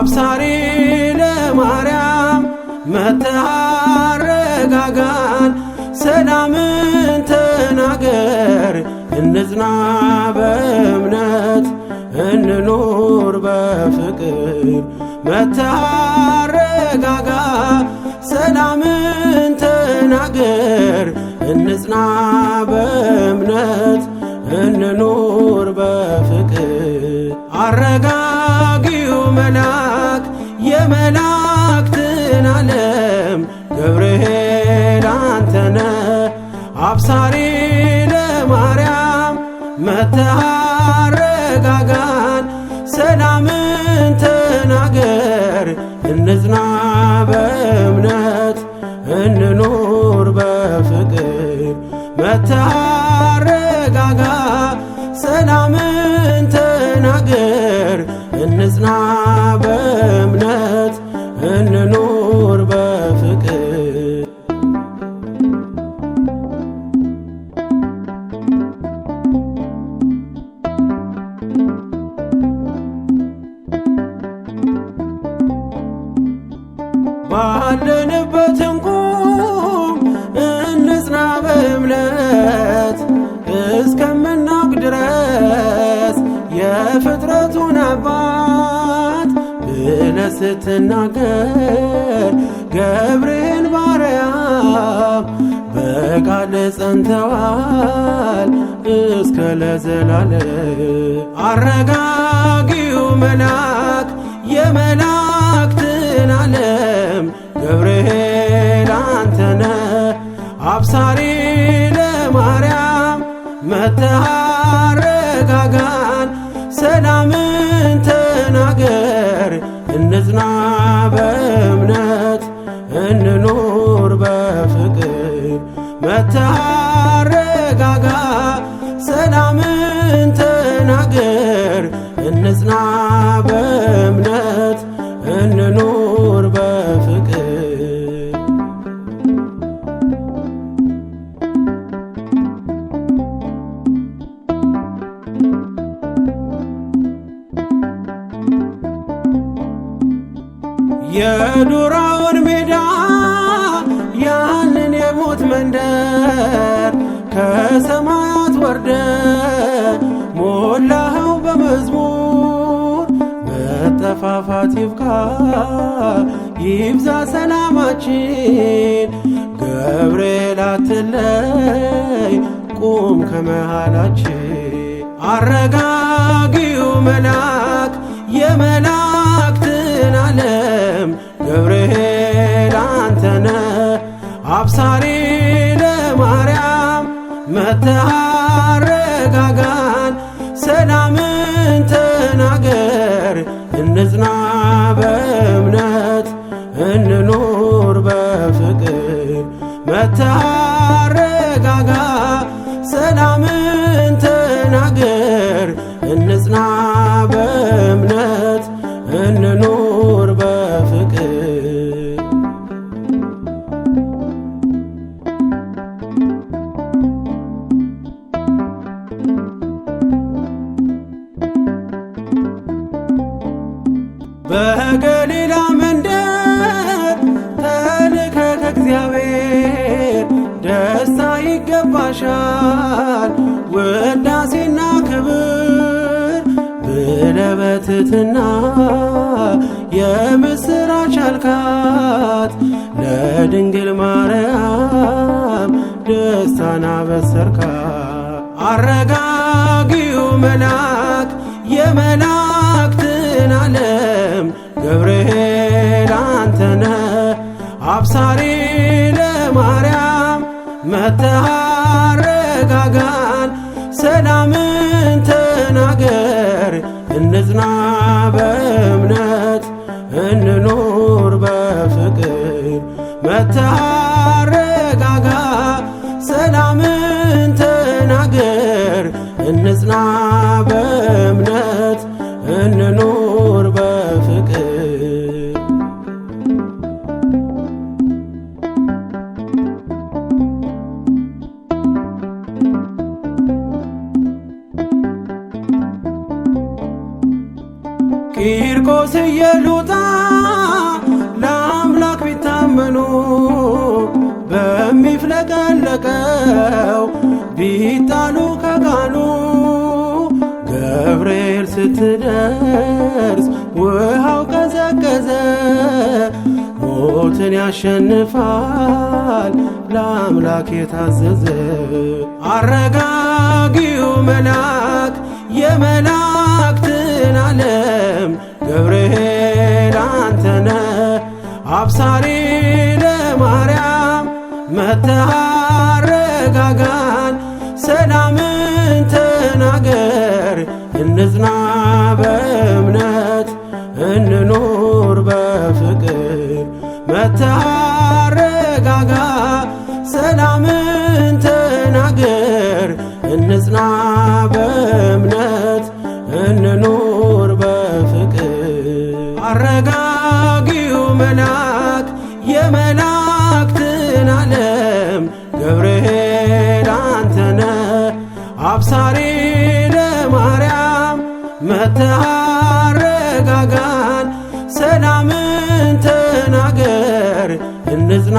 አብሳሪ ለማርያም መተሃረጋጋን ሰላምን ተናገር እንጽና በእምነት እንኑር በፍቅር መተሃረጋጋ ሰላምን ተናገር እንጽና በእምነት እንኑር ማርያም መተሃረጋጋን ሰላምን ተናገር እንጽና በእምነት እንኑር በፍቅር መተሃረ የእውነቱን አባት ብለህ ስትናገር ገብርኤል ባርያም በቃል ጸንተዋል እስከ ለዘላለም። አረጋጊው መልአክ የመላእክትን ዓለም ገብርኤል አንተነ አብሳሪ ለማርያም መተሃረጋጋን ሰላምን ተናገር እንጽና በእምነት የዱራውን ሜዳ ያንን የሞት መንደር ከሰማያት ወርደ ሞላኸው በመዝሙር መጠፋፋት ይብቃ ይብዛ ሰላማችን ገብርኤል አትለይ ቁም ከመሃላችን አረጋጊው መልአክ የመላ መተሃረጋጋን ሰላምን ተናገር እንጽና በእምነት እንኖር በፍቅር መተሃ በገሊላ መንደር ተልከ ከእግዚአብሔር ደስታ ይገባሻል ውዳሴና ክብር ብለ በትትና የምስራች አልካት ለድንግል ማርያም ደስታና በሰርካ አረጋጊው መላክ የመላ አተሃረጋጋን ሰላምን ተናገር እንጽና በእምነት እንኖር በፍቅር መተሃረጋጋ ሰላምን ተናገር እንጽና ቂርቆስ ኢየሉጣ ለአምላክ ቢታመኑ በሚፍለቀለቀው ቢጣሉ ከካኑ ገብርኤል ስትደርስ ውሃው ቀዘቀዘ። ሞትን ያሸንፋል ለአምላክ የታዘዘ አረጋጊው መልአክ የመላእክት ለዘላለም ገብርኤል አንተነ አብሳሪ ለማርያም መታረጋጋን ሰላምን ተናገር እንጽና በእምነት እንኑር በፍቅር መተሃረጋጋ ሰላምን ተናገር እንጽና በእምነት ታረጋጋን፣ ሰላምን ተናገር እንጽና